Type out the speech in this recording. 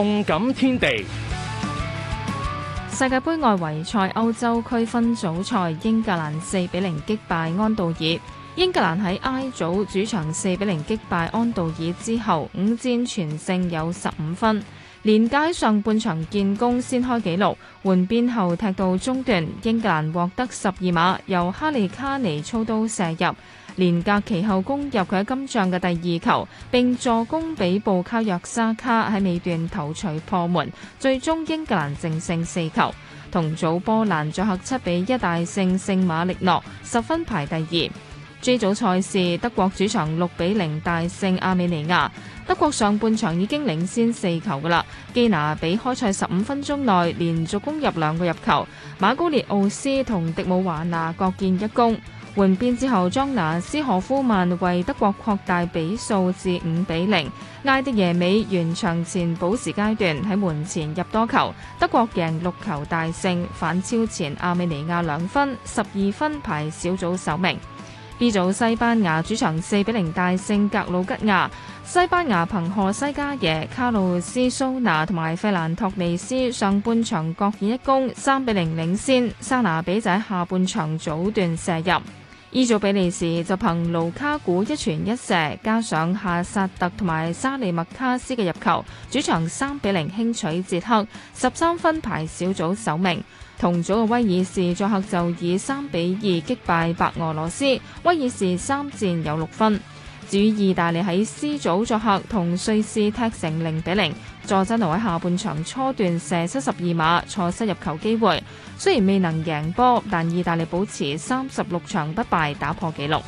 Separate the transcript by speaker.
Speaker 1: 動感天地，世界杯外圍賽歐洲區分組賽，英格蘭四比零擊敗安道爾。英格蘭喺 I 組主場四比零擊敗安道爾之後，五戰全勝，有十五分。連加上半場建功先開紀錄，換邊後踢到中段，英格蘭獲得十二碼，由哈利卡尼操刀射入，連隔其後攻入佢喺今仗嘅第二球，並助攻比布卡約沙卡喺尾段頭錘破門，最終英格蘭淨勝四球。同組波蘭作客七比一大勝聖馬力諾，十分排第二。J 組賽事，德國主場六比零大勝阿美尼亞。德國上半場已經領先四球噶啦。基拿比開賽十五分鐘內連續攻入兩個入球，馬高列奧斯同迪姆華拿各建一功。換邊之後，莊拿斯何夫曼為德國擴大比數至五比零。艾迪耶美完場前補時階段喺門前入多球，德國贏六球大勝，反超前阿美尼亞兩分，十二分排小組首名。B 組西班牙主場四比零大勝格魯吉亞，西班牙憑賀西加耶、卡路斯蘇拿同埋費蘭托尼斯上半場各建一功三比零領先，桑拿比仔下半場早段射入。E 組比利時就憑盧卡古一傳一射，加上夏薩特同埋沙利麥卡斯嘅入球，主場三比零輕取捷克，十三分排小組首名。同組嘅威爾士作客就以三比二擊敗白俄羅斯，威爾士三戰有六分。至於意大利喺 C 組作客同瑞士踢成零比零，佐真奴喺下半場初段射失十二碼錯失入球機會，雖然未能贏波，但意大利保持三十六場不敗，打破紀錄。